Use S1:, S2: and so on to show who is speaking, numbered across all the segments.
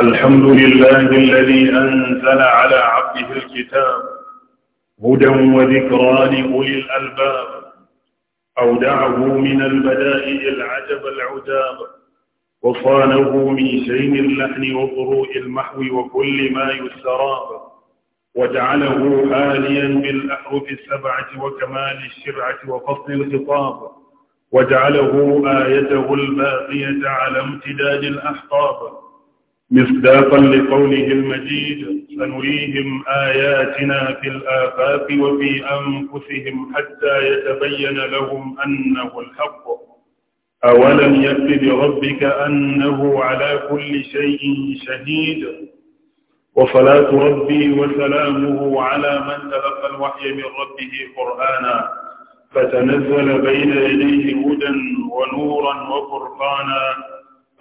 S1: الحمد لله الذي أنزل على عبده الكتاب هدى وذكرى لأولي الألباب أودعه من البدائع العجب العجاب وصانه من شين اللحن وضروء المحو وكل ما يستراب وجعله آليا بالأحرف السبعة وكمال الشرعة وفصل الخطاب وجعله آيته الباقية على امتداد الأحقاب
S2: مصداقا لقوله
S1: المجيد سنريهم آياتنا في الآفاق وفي أنفسهم حتى يتبين لهم أنه الحق أولم يكف بربك أنه على كل شيء شهيد وصلاة ربي وسلامه على من تلقى الوحي من ربه قرآنا
S2: فتنزل بين يديه
S1: هدى ونورا وفرقانا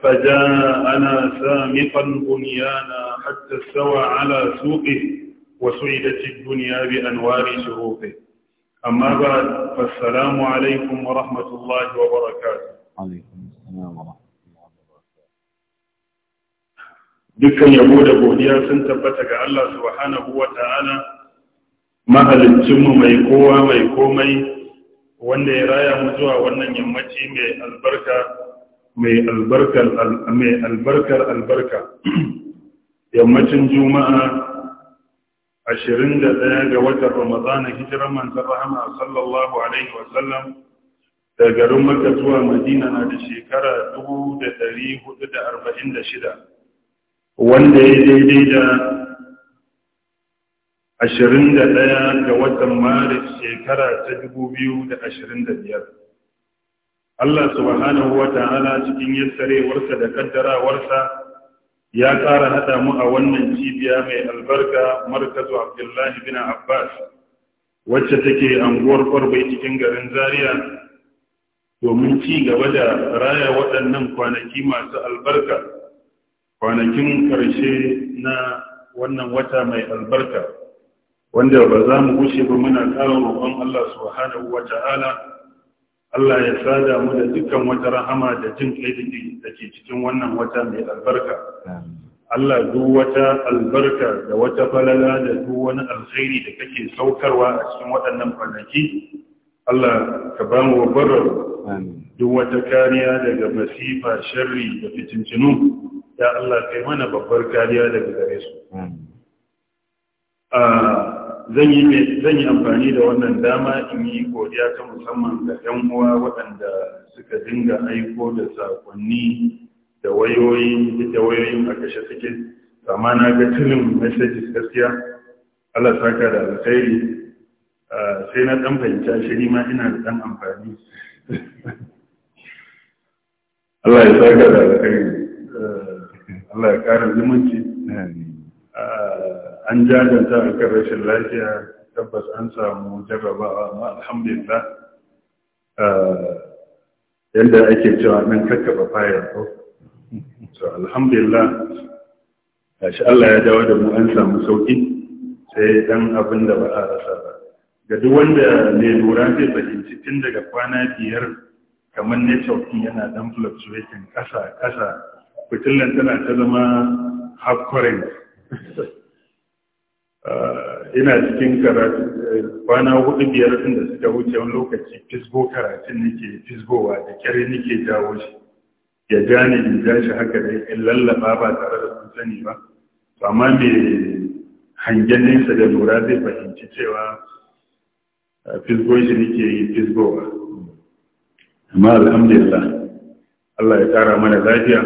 S1: فجاءنا سامقا بنيانا حتى استوى على سوقه وسعدت الدنيا بأنوار شروقه أما بعد فالسلام عليكم ورحمة الله وبركاته عليكم السلام ورحمة dukkan yabo da godiya sun tabbata ga Allah subhanahu wa ta'ala mahalicinmu mai kowa mai komai wanda ya raya mu zuwa wannan yammaci mai albarka mai albarkar albarka yammacin juma'a 21 ga watan ramadana hijiran manzon rahama sallallahu alaihi wasallam da garin maka zuwa madina na da shekara 446 wanda ya daidai da 21 ga watan maris shekara ta 2025 Allah subhanahu wa ta'ala cikin yassarewarsa da kaddarawarsa ya ƙara haɗa mu a wannan cibiya mai albarka markazu Abdullahi bin Abbas
S2: wacce take anguwar Kwarbai
S1: cikin garin Zaria domin ci gaba da raya waɗannan kwanaki masu albarka kwanakin ƙarshe na wannan wata mai albarka
S2: wanda ba za mu gushe ba muna ƙara
S1: roƙon Allah subhanahu wa ta'ala Allah ya sada mu da dukkan wata rahama da jin kai da ke cikin wannan wata mai albarka. Allah duk wata albarka da wata falala da duk wani alkhairi da kake saukarwa a cikin waɗannan kwanaki, Allah ka ba mu wabarar duk wata kariya daga masifa, sharri da fitincinu, ya Allah kai mana babbar kariya daga gare su. Ah, zan yi amfani da wannan dama in yi godiya ta musamman ga 'yan uwa waɗanda suka dinga aiko da sakonni da wayoyi da wayoyin a kashe suke amma na ga tunin messages gaskiya Allah saka da alkhairi ah, sai na dan fahimta shi ma ina da dan amfani Allah ya saka da alkhairi ah, Allah ya kara zumunci ah, an jajanta a kan rashin lafiya tabbas an samu jarrabawa amma alhamdulillah yadda ake cewa nan kakkaba fayar ko so alhamdulillah shi Allah ya dawo da mu an samu sauki sai dan abin da ba a rasa ba ga duk wanda ne lura zai fahimci tun daga kwana biyar kamar network yana dan fluctuating kasa kasa fitilan tana ta zama half current Eh, ina cikin karatu eh, kwana hudu biyar sun da suka wuce wani lokaci fisgo karatun nake fisgowa da kyare nake jawo shi ya ja ni in ja shi haka da in lallaba ba tare da sun sani ba amma mai hangen nesa da lura zai fahimci cewa eh, fisgo shi nake yi fisgowa amma alhamdulillah Allah ya tara mana lafiya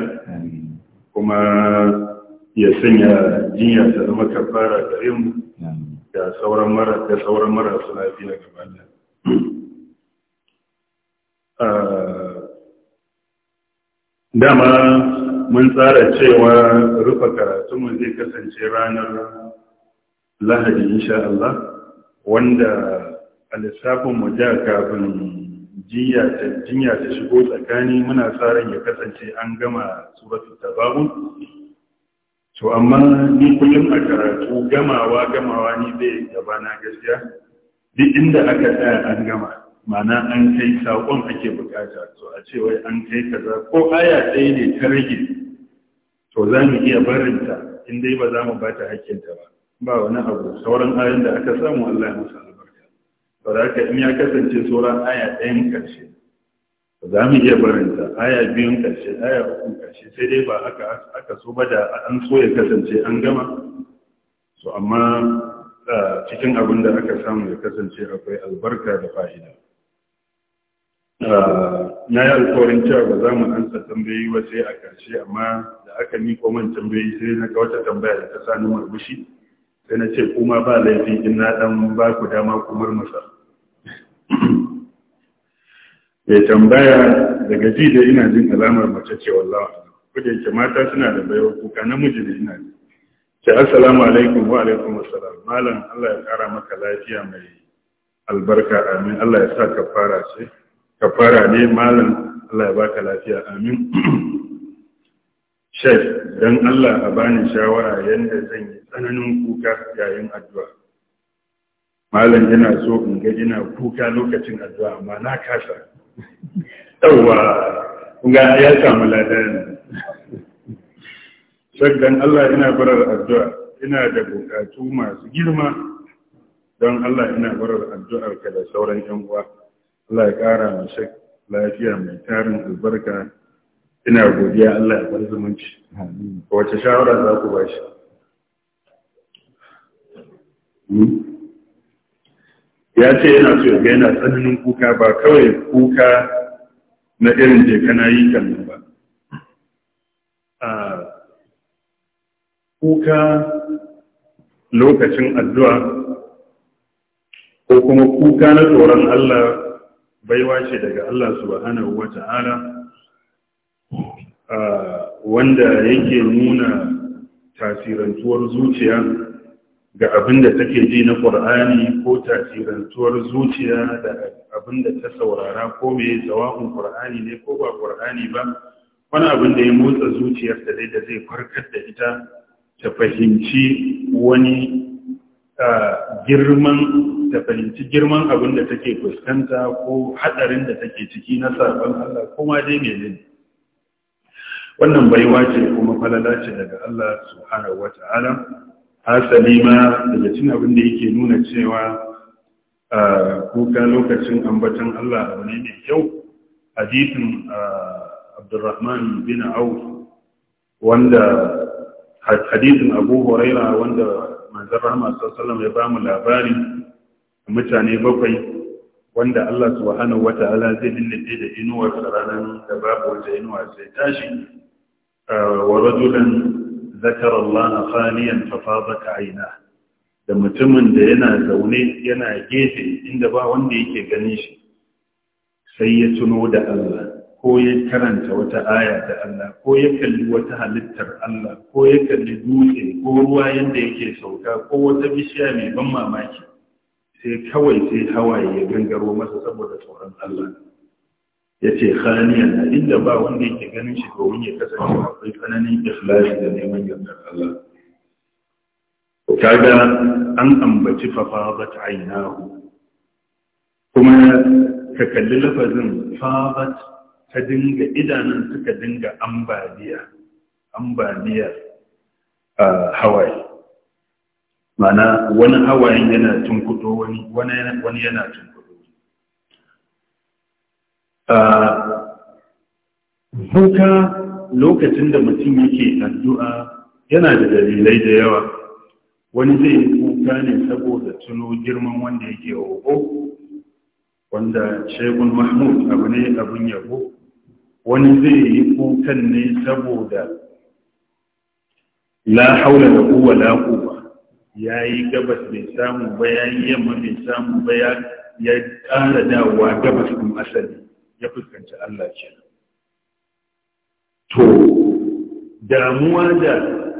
S1: kuma ya sanya jinya ta zama kafara da yin da sauran mara da sauran mara suna fi na gaba da ah, dama mun tsara cewa rufe karatunmu zai kasance ranar lahadi insha Allah wanda a lissafin mu da kafin jinya ta shigo tsakani muna tsarin ya kasance an gama suratul babu? to amma ni kullum a karatu gamawa gamawa ni zai gaba na gaskiya duk inda aka tsaya an gama mana an kai saƙon ake bukata to a ce wai an kai kaza ko aya ɗaya ne ta rage to za mu iya barinta in dai ba za mu ba ta hakkinta ba ba wani abu sauran ayan da aka samu Allah ya musu albarka ba haka in ya kasance sauran aya ɗayan karshe za mu iya barinta aya biyun ƙarshe aya hukun ƙarshe sai dai ba aka aka so ba da an so ya kasance an gama so amma cikin abin da aka samu ya kasance akwai albarka da fa'ida
S2: na yi alkawarin cewa ba za mu
S1: ansa tambayi ba sai a ƙarshe amma da aka miko man tambayi sai na ga wata tambaya da ta ni murmushi sai na ce kuma ba laifi in na ɗan ba ku dama ku murmusa ya tambaya daga ji da ina jin alamar mace ce wallawa ko da yake mata suna da bayo kuka namiji ne ina ji ce assalamu alaikum wa alaikum assalam malam Allah ya kara maka lafiya mai albarka amin Allah ya sa ka fara ce ka fara ne malam Allah ya baka lafiya amin Sheikh dan Allah a bani shawara yanda zan yi tsananin kuka yayin addu'a malam yana so in ga ina kuka lokacin addu'a amma na kasa yauwa ga ya samu ladan shaggan Allah ina barar addu'a ina da bukatu masu girma don Allah ina barar addu'ar ka da sauran yan uwa Allah ya kara mu shak lafiya mai tarin albarka
S2: ina godiya
S1: Allah ya bar zumunci wace shawara za ku ba shi hmm? ya ce yana so ga yana tsananin kuka ba kawai kuka na irin je yi kan ba kuka lokacin addu'a ko kuma kuka na tsoron Allah baiwa ce daga Allah subhanahu wa ta'ala wanda yake nuna tasirantuwar zuciya ga abin da take ji na ƙur'ani ko tasirantuwar zuciya da abin da ta saurara ko mai tsawon ƙur'ani ne ko ba ƙur'ani ba wani abin da ya motsa zuciyarta dai da zai farkar da ita ta fahimci wani girman ta fahimci girman abin da take fuskanta ko hadarin da take ciki na sabon Allah kuma dai menene wannan baiwa ce kuma falala ce daga Allah subhanahu wataala asali ma daga cin abin da yake nuna cewa kuka lokacin ambatan Allah abu ne mai kyau hadithin abdurrahman bin auf wanda hadithin abu huraira wanda manzan rahama sassalam ya ba mu labari mutane bakwai wanda Allah subhanahu ala zai lullube da inuwar ranar da babu wata inuwa sai tashi wa rajulan zakar Allah khaliyan fa fadat aina da mutumin da yana zaune yana gefe inda ba wanda yake ganin shi sai ya tuno da Allah ko ya karanta wata aya da Allah ko ya kalli wata halittar Allah ko ya kalli dutse ko ruwa yanda yake sauka ko wata bishiya mai ban mamaki sai kawai sai hawaye ya gangaro masa saboda tsoron Allah ya ce khaniyan na. inda ba wanda yake ganin shi domin ya kasance akwai tsananin ikhlasi da neman yardar Allah kaga an ambaci fafabat ainahu kuma ka kalli lafazin fabat ta dinga idanun suka dinga ambaliya a hawaye mana wani hawayen yana tunkuto wani yana tunkuto Buka lokacin da mutum yake addu'a yana da dalilai da yawa, wani zai yi kuka ne saboda tuno girman wanda yake hoho wanda shaikun Mahmud abu ne abin yabo, wani zai yi kukan ne saboda la haula da kuwa la kuwa, ya yi gabas bai samu ba, ya yi yamma bai samu ba, ya ƙara dawowa gabas kuma asali. ya fuskanci Allah ke. to damuwa da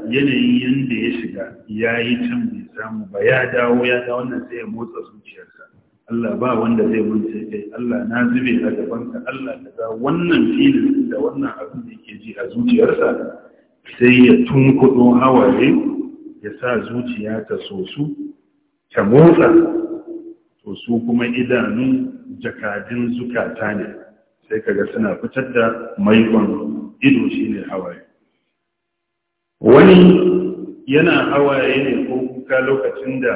S1: yanayi yadda ya shiga ya yi can bai samu ba ya dawo ya ta wannan sai ya motsa zuciyarsa Allah ba wanda zai mance kai Allah na zube a gabanka Allah da za wannan filin da wannan abin da yake ji a zuciyarsa sai ya tunkudo hawaye ya sa zuciya ta sosu ta motsa to kuma idanun jakadin zukata ne sai kaga suna fitar da maikon ido shi ne hawaye wani yana hawaye ne ko kuka lokacin da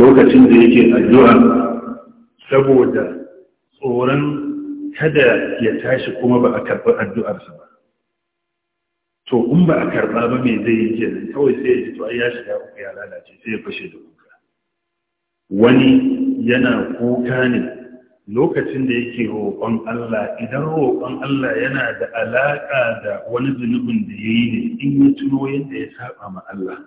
S1: lokacin da yake addu'a saboda tsoron kada ya tashi kuma ba a karɓi addu'arsa ba to in ba a karɓa ba mai zai yi jiya kawai sai ya ji to ai ya shiga uku ya lalace sai ya fashe da kuka wani yana kuka ne lokacin da yake roƙon Allah idan roƙon Allah yana da alaƙa da wani zunubin da ya yi ne in yi tuno yadda ya saba ma Allah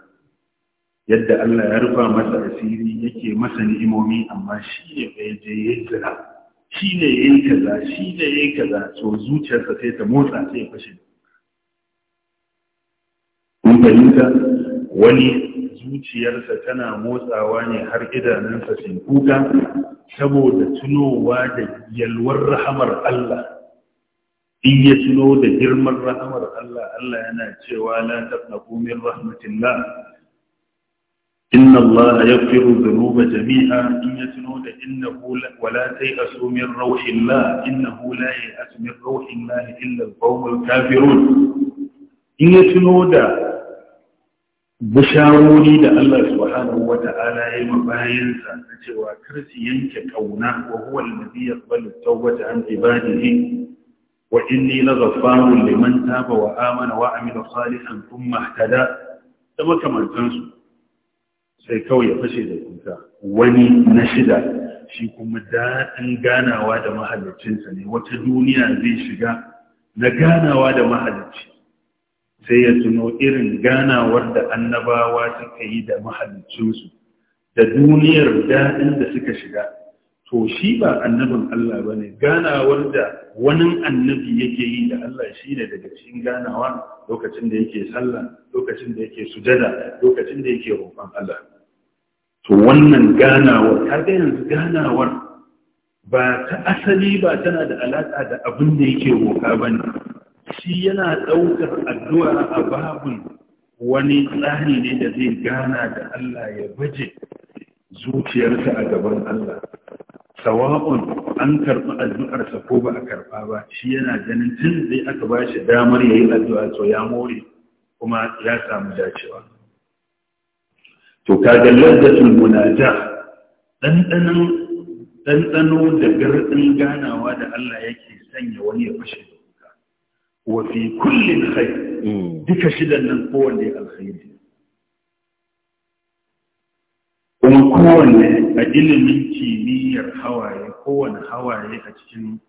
S1: yadda Allah ya rufa masa asiri yake masa ni'imomi amma shi ne bai je ya zira shi ne ya yi kaza shi ne ya yi kaza so zuciyarsa sai ta motsa sai ya fashe wani zuciyarsa tana motsawa ne har idanunsa sun kuka saboda tunowa da yalwar rahamar Allah in ya tuno da girman rahamar Allah Allah yana cewa la taqnabu min rahmatillah inna Allah yaghfiru dhunuba jami'a in ya tuno da innahu wa la tayasu min rauhillah innahu la yasu min rauhillah illa al-qawmul kafirun in ya tuno da bisharori da Allah subhanahu wa ta'ala ya yi bayansa na cewa kar su yanke kauna wa huwa alladhi yaqbalu tawbata an ibadihi wa inni la ghaffarun liman taba wa amana wa amila salihan thumma ihtada da makamantan su sai kawai ya fashe da kuka wani na shida shi kuma daɗin ganawa da mahalicinsa ne wata duniya zai shiga na ganawa da mahalicci sai ya tuno irin ganawar da annabawa suka yi da mahalicinsu da duniyar daɗin da suka shiga to shi ba annabin Allah ba ne ganawar da wani annabi yake yi da Allah shi ne daga cikin ganawa lokacin da yake sallah lokacin da yake sujada lokacin da yake roƙon Allah to wannan ganawar kaga yanzu ganawar ba ta asali ba tana da alaƙa da abin da yake roƙa ba ne shi yana ɗaukar addu'a a babun wani tsari ne da zai gana da Allah ya baje zuciyarsa a gaban Allah. Sawa'un an karɓi addu'arsa ko ba a karɓa ba, shi yana ganin tun zai aka ba shi damar ya yi addu'a to ya more kuma ya samu dacewa. To, kagan laddatul munaja, ɗanɗano da garɗin ganawa da Allah yake sanya wani ya fashe wa fi kullin khair mm. duka shidan nan kowanne alkhairi kuma kowanne a ilimin kimiyyar hawaye kowanne hawaye a cikin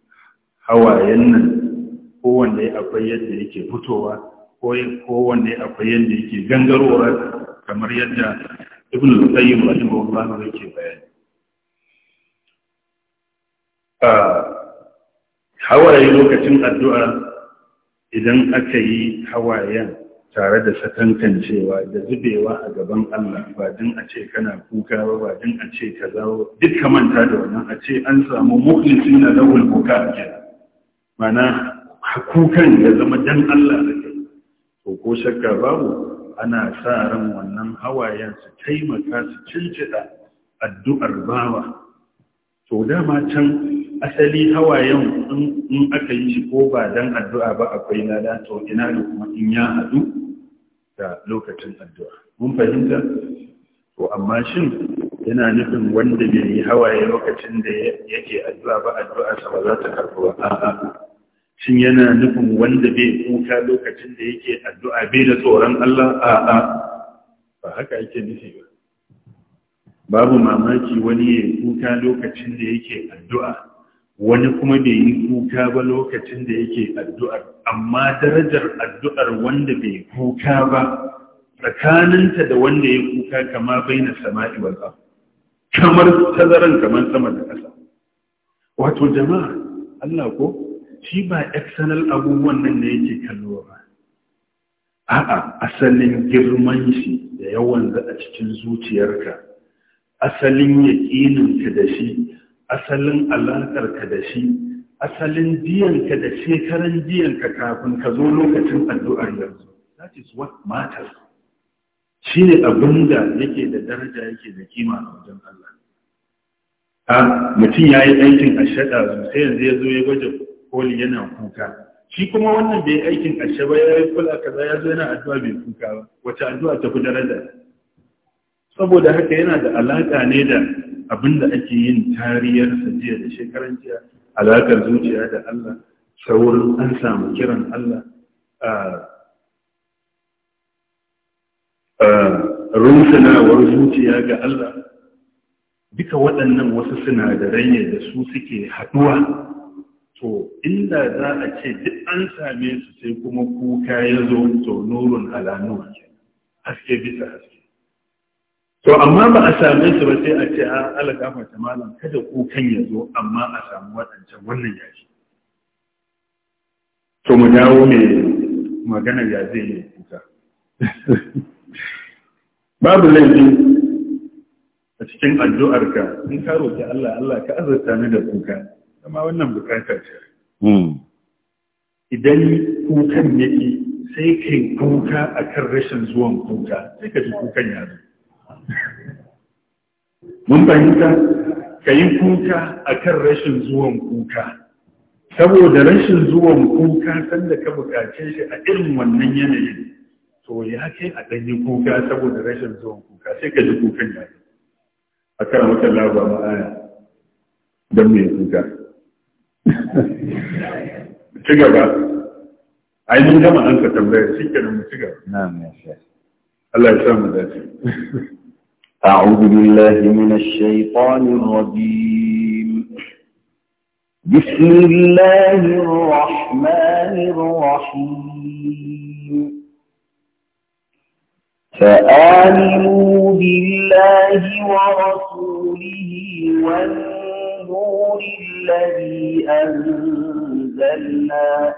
S1: hawayen nan kowanne akwai yadda yake fitowa kowanne akwai yadda yake gangarowa kamar yadda ibn al-qayyim rahimahullah ke bayani ah, hawaye lokacin addu'a idan aka yi hawayen tare da sakankancewa da zubewa a gaban Allah ba din a ce kana kuka ba ba din a ce ka zawo duk manta da wannan a ce an samu muklisi na lawul kuka ke mana kukan ya zama dan Allah da ke Ko ko shakka babu ana sa ran wannan hawayen su taimaka su cincida addu'ar bawa to dama can asali hawayen in aka yi shi ko ba dan addu'a ba akwai lada to ina da kuma in ya haɗu da lokacin addu'a mun fahimta to amma shin yana nufin wanda bai yi hawaye lokacin da yake addu'a ba sa ba za ta karɓi ba a'a shin yana nufin wanda bai kuka lokacin da yake addu'a bai da tsoron Allah a'a ba haka ake nufi ba babu mamaki wani ya kuka lokacin da yake addu'a wani kuma bai yi kuka ba lokacin da yake addu'ar amma darajar addu'ar wanda bai kuka ba tsakaninta da wanda ya kuka kama baina sama'i wal kamar tazaran kamar sama da ƙasa wato jama'a Allah ko shi ba external abubuwan nan da yake kallo ba a'a asalin girman shi da yawan za a cikin zuciyarka asalin yaƙininka da shi asalin alaƙarka da shi asalin ka da shekaran ka kafin ka zo lokacin addu'ar yanzu that is what matters shi ne abin da yake da daraja yake da kima a wajen Allah a mutum ya yi aikin ashada sai yanzu ya zo ya gwaje koli yana kuka shi kuma wannan bai aikin ashe ba ya yi kula kaza ya zo yana addu'a bai kuka ba wace addu'a ta fi daraja saboda haka yana da alaƙa ne da abinda ake yin tariyar jiya da shekaran jiya alaƙar zuciya da Allah saurin an samu kiran Allah rumsunawar zuciya ga Allah duka waɗannan wasu sinadarai ne da su suke haɗuwa to inda za a ce duk an same su sai kuma kuka ya zo to nurun alanuwa haske bisa haske to amma ba a same su ba sai a ce a ah, ala gafarta malam kada kukan ya zo amma a samu waɗancan wannan yashi to mu dawo mai magana ya zai yi kuka babu laifi a cikin addu'arka in ka roki Allah Allah ka azurta ni da kuka amma wannan bukata ce hmm. idan kukan yake sai kai kuka akan rashin zuwan kuka sai ka ji kukan ya zo mun fahimta ka yi kuka a kan rashin zuwan kuka saboda rashin zuwan kuka sanda ka bukace shi a irin wannan yanayin to ya kai a yi kuka saboda rashin zuwan kuka sai ka ji kukan ya yi a kan wata laba ma'aya don mai kuka ci gaba a yi mun gama an ka tambaya shi kenan mu ci gaba Allah ya sa mu dace أعوذ بالله من الشيطان الرجيم بسم الله الرحمن الرحيم فآمنوا بالله ورسوله والنور الذي أنزلنا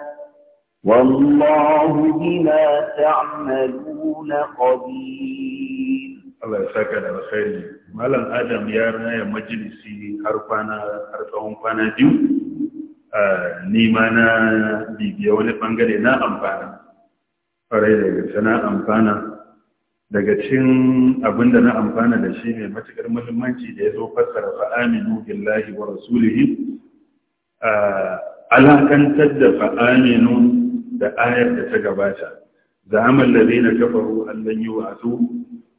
S1: والله بما تعملون قدير Allah ya saka da alkhairi malam adam ya raya majalisi har kwana har tsawon kwana biyu ni ma na bibiya wani bangare na amfana ƙwarai da na amfana daga cin abin da na amfana da shi mai matukar muhimmanci da ya zo fassara fa'aminu billahi wa rasulihi alakantar da fa'aminu da ayar da ta gabata da lare na kafaru allon yi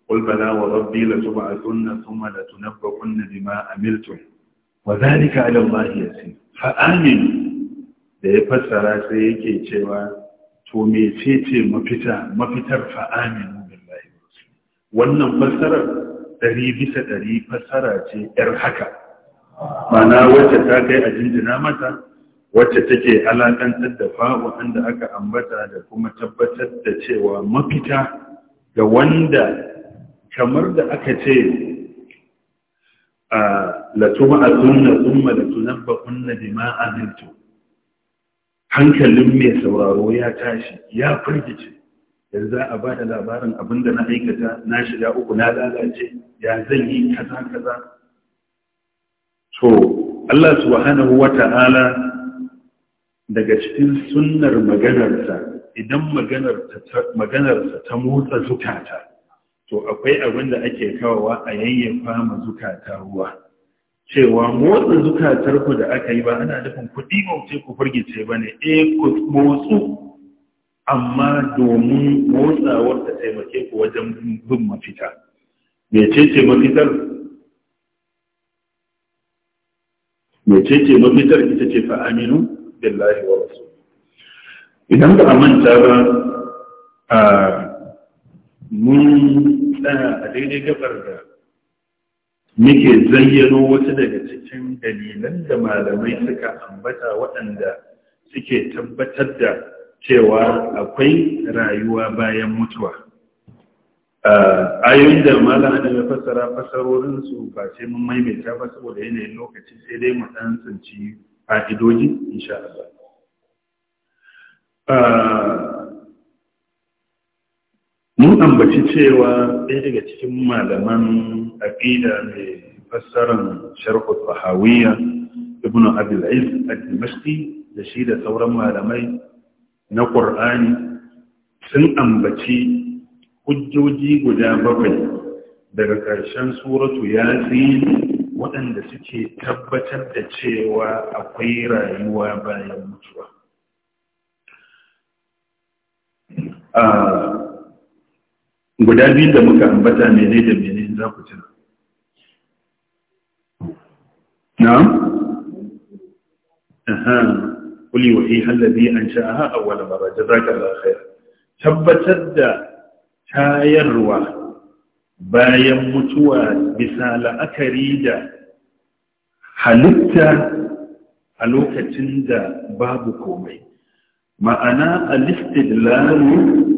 S1: قل بلى وربي لتبعثن ثم لتنبؤن بما عملتم وذلك على الله يسير Fa'amin da ya fassara sai yake cewa to me ce ce mafita mafitar fa'aminu billahi wannan fassarar ɗari bisa ɗari fassara ce ‘yar haka mana wacce ta kai a jinjina mata wacce take alaƙantar da fa'u da aka ambata da kuma tabbatar da cewa mafita ga wanda kamar da aka ce a latuma a sunna zumma da bakun na bima azintu hankalin mai sauraro ya tashi ya firgice yanzu za a ba da labarin abin da na aikata na shiga uku na lalace ya zan yi kaza kaza to Allah subhanahu wa ta'ala daga cikin sunnar maganarsa idan maganarsa ta motsa zukata to akwai abin da ake kawowa a yayyafa ma zukata ruwa cewa motsa zukatarku da aka yi ba ana dafa kuɗi ce ku furgice ba ne e ku motsu amma domin motsawar ta taimake ku wajen bin mafita ce mafitar ce, mafitar ita ce fa aminu billahi wa rasul idan ba a manta ba a mun tsaya a daidai gabar da muke zayyano wasu daga cikin dalilan da malamai suka ambata waɗanda suke tabbatar da cewa akwai rayuwa bayan mutuwa ayoyin da malamai ya fassara fassarorinsu ba ce mun maimaita ba saboda yanayin lokaci sai dai mu ɗan tsinci fa'idoji insha Allah mun ambaci cewa ɗaya daga cikin malaman aƙida mai fassarar sharhul fahawiyya ibn abil aiz al-dimashqi da shi da sauran malamai na Ƙur'ani sun ambaci hujjoji guda bakwai daga ƙarshen suratu ya waɗanda suke tabbatar da cewa akwai rayuwa bayan mutuwa ah, guda biyu da muka ambata mene da mene za ku tuna na? aha kuli wahi hallabi an sha a wani mara da za tabbatar da tayarwa bayan mutuwa bisa la'akari da halitta a lokacin da babu komai ma'ana alistidlalu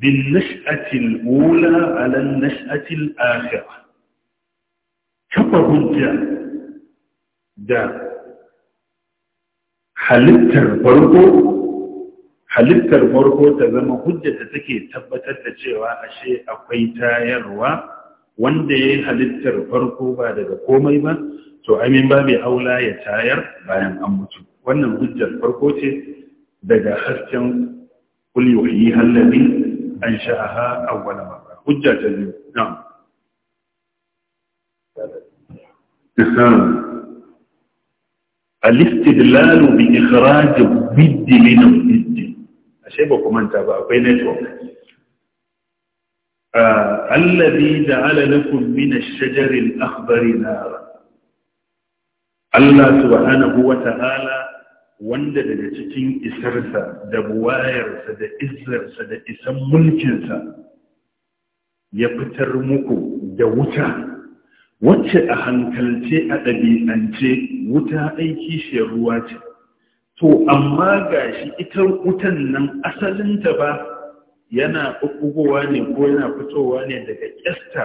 S1: بالنشأة الأولى على النشأة الآخرة kafa hujja da halittar farko halittar farko ta zama hujja da take tabbatar da cewa ashe akwai tayarwa wanda ya yi halittar farko ba daga komai ba to amin ba mai aula ya tayar bayan an mutu wannan hujjar farko ce daga hasken kulyoyi hallabi أنشأها أول مرة حجة نعم الاستدلال بإخراج الضد من الضد أشياء بكم أنت أقول آه، الذي جعل لكم من الشجر الأخضر نارا الله سبحانه وتعالى wanda daga cikin isarsa da buwayarsa da izarsa da isan mulkinsa ya fitar muku da wuta wacce a hankalce a ɗabi'ance wuta aiki shi ruwa ce to amma ga shi ita wutan nan asalinta ba yana ɓuɓɓugowa ne ko yana fitowa ne daga ƙyasta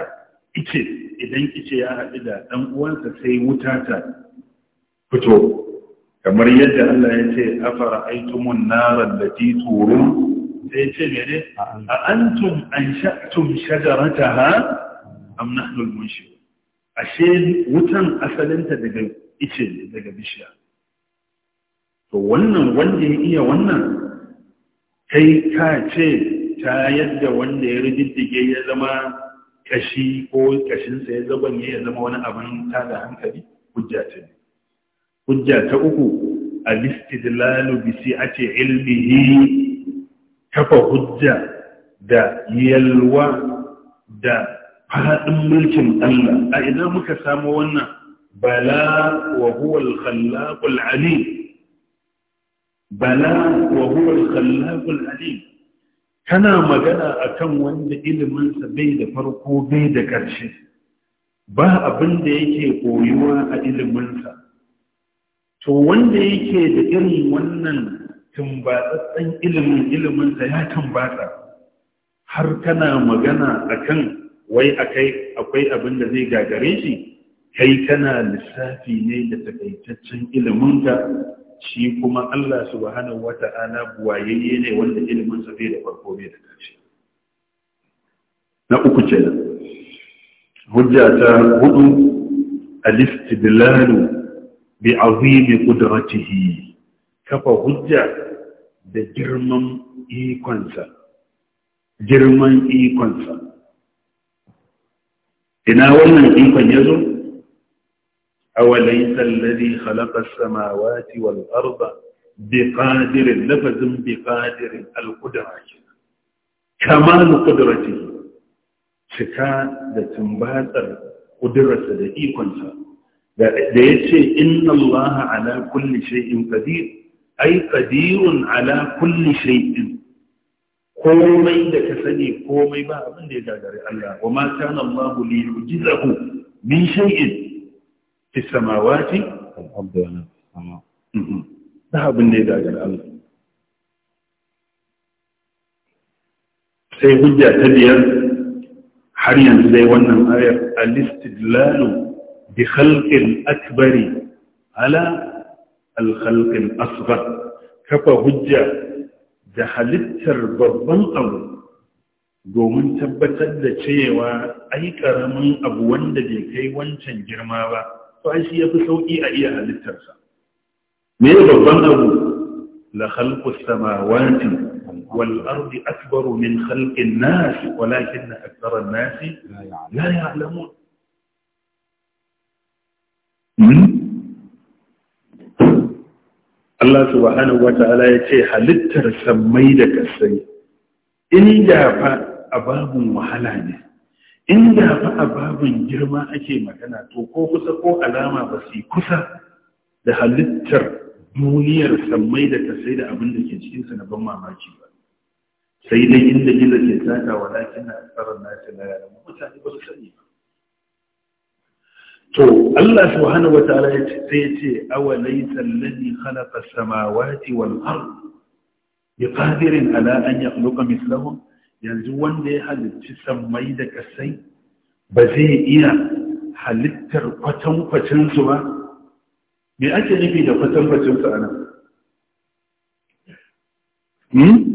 S1: ice idan ice ya haɗu da ɗan uwansa sai wuta ta fito kamar yadda Allah ya ce afara aitumun narar da ti turu sai ce mene a antum an sha'tum shajarata ha am munshi ashe wutan asalinta daga ice ne daga bishiya to wannan wanda ya iya wannan kai ka ce ta yadda wanda ya rididdige ya zama kashi ko kashinsa ya zaban ya zama wani abin tada hankali hujja ce ne hujja ta uku al-istidlalu bi si'ati ilmihi kafa hujja da yalwa da faɗin mulkin Allah a ina muka samu wannan bala wa huwa al-khallaq al-alim bala wa huwa al-khallaq al-alim kana magana akan wanda iliminsa bai da farko bai da ƙarshe ba abin da yake koyuwa a iliminsa to wanda yake da irin wannan tumbatsatsen ilimin ilimin ya tumbata har kana magana akan wai akai akwai abin da zai gagare shi kai kana lissafi ne da takaitaccen ilimin ka shi kuma Allah subhanahu wata'ala buwayayye ne wanda ilimin sa bai da farko bai da kashi na uku kenan hujja ta hudu al-istidlalu bi azimi qudratihi kafa hujja da girman ikonsa girman ikonsa ina wannan ikon ya zo awalaisa alladhi khalaqa as-samawati wal arda biqadirin lafazin biqadirin al-qudra kamal qudratihi cika da tumbatsar kudurarsa da ikonsa da ya ce inna Allah ala kulli shay'in qadir ai qadirun ala kulli shay'in komai da ka sani komai ba abin da ya gagari Allah wa ma kana Allah li yujizahu min shay'in fi samawati wal ardi wa sama ba abin da ya gagari Allah sai hujja ta biyar har yanzu dai wannan ayar al-istidlalu bi khalqin akbari ala al khalqin asghar kafa hujja da halittar babban abu domin tabbatar da cewa ai karamin abu wanda bai kai wancan girma ba to ai shi yafi sauki a iya halittarsa me babban abu la khalqus samawati wal ardi akbaru min khalqin nas walakin akthara an-nas la ya'lamun Hmm? Allah subhanahu wata'ala ya ce halittar sammai da kasai da fa ababun wahala ne in da fa ababun girma ake magana to ko kusa ko alama ba su kusa da halittar duniyar sammai da kasai da abin da ke sa na ban mamaki ba sai dai inda gida ke tsaka lakin na asarar nasi na yaran mutane ba su sani ba to Allah subhanahu wataala ya ce sai ce awalaysa alladhi khalaqa as-samawati wal ard biqadirin ala an yakhluqa mithlahum yanzu wanda ya halicci sammai da kasai ba zai iya halittar kwatankwacin su ba me ake nufi da kwatankwacin su anan hmm?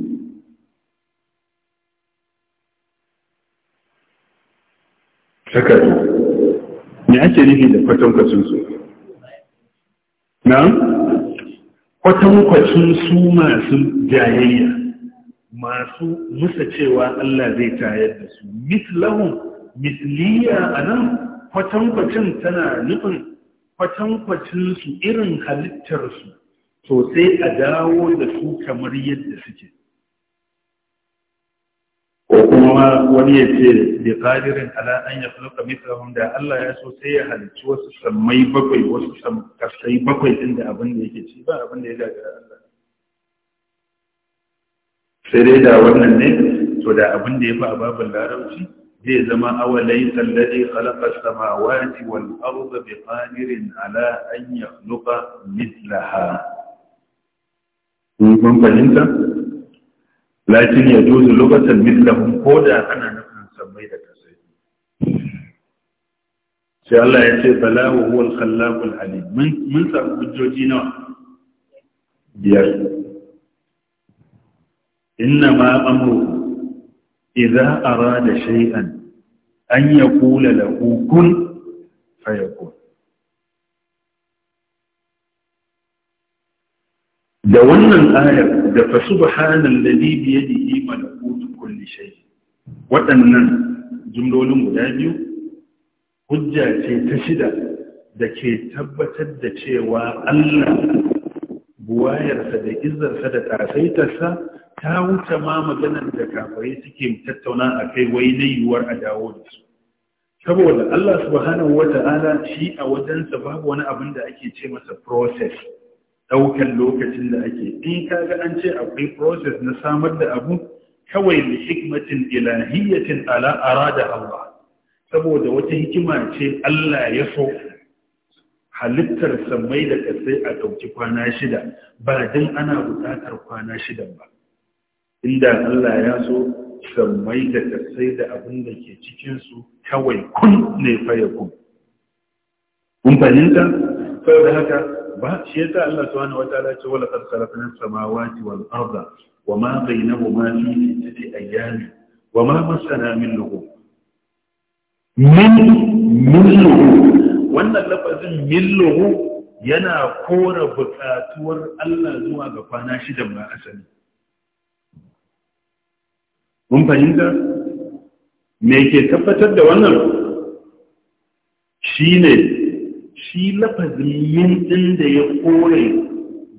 S1: Shakatu, me ake nufi da kwatankwacin su na kwatankwacin su masu jayayya masu musa cewa Allah zai tayar da su mislahun misliya a nan kwatankwacin tana nufin kwatankwacin su irin halittarsu to sai a dawo da su kamar yadda suke kuma wani ya ce bi qadirin ala an yakhluqa mithlahum da Allah ya so sai ya halicci wasu sammai bakwai wasu sam bakwai din da abin da yake ci ba abin da ya gagara Allah sai dai da wannan ne to da abin da ya fi babin larabci zai zama awalai sallade khalaqa samawati wal arda bi qadirin ala an yakhluqa mithlaha mun fahimta lakin ya juzu lokacin mislahun ko da ana nufin sammai da kasai sai Allah ya ce bala'u huwal khallaqul alim mun samu hujjoji nawa biyar inna ma amru idza arada shay'an an yaqula lahu kun fayakun da wannan ayar da fa subhanal ladhi bi yadihi malakutu kulli shay waɗannan jumlolin guda biyu hujja ce ta shida da ke tabbatar da cewa Allah buwayarsa da izzarsa da tasaitarsa ta wuce ma maganar da kafirai suke tattauna a kai wai na yiwuwar a dawo da su saboda Allah subhanahu wata'ala shi a wajensa babu wani abin da ake ce masa process Daukan lokacin da ake in kaga an ce akwai process na samar da abu kawai da hikmatin ilahiyatin ala arada Allah saboda wata hikima ce Allah ya so halittar samai da kasai a ɗauki kwana shida ba don ana buƙatar kwana shida ba inda Allah ya so sammai da kasai da abin da ke cikinsu kawai kun ne faya kun kun fahimta da haka ba shi yasa Allah subhanahu wataala ya ce wala qad khalaqna samawati wal arda wama bainahuma fi sittati ayyam wama masana min lughub min min lughub wannan lafazin min lughub yana kora bukatuwar Allah zuwa ga kwana shida ba asali mun fahimta me ke tabbatar da wannan shine shi lafazin min ɗin da ya kore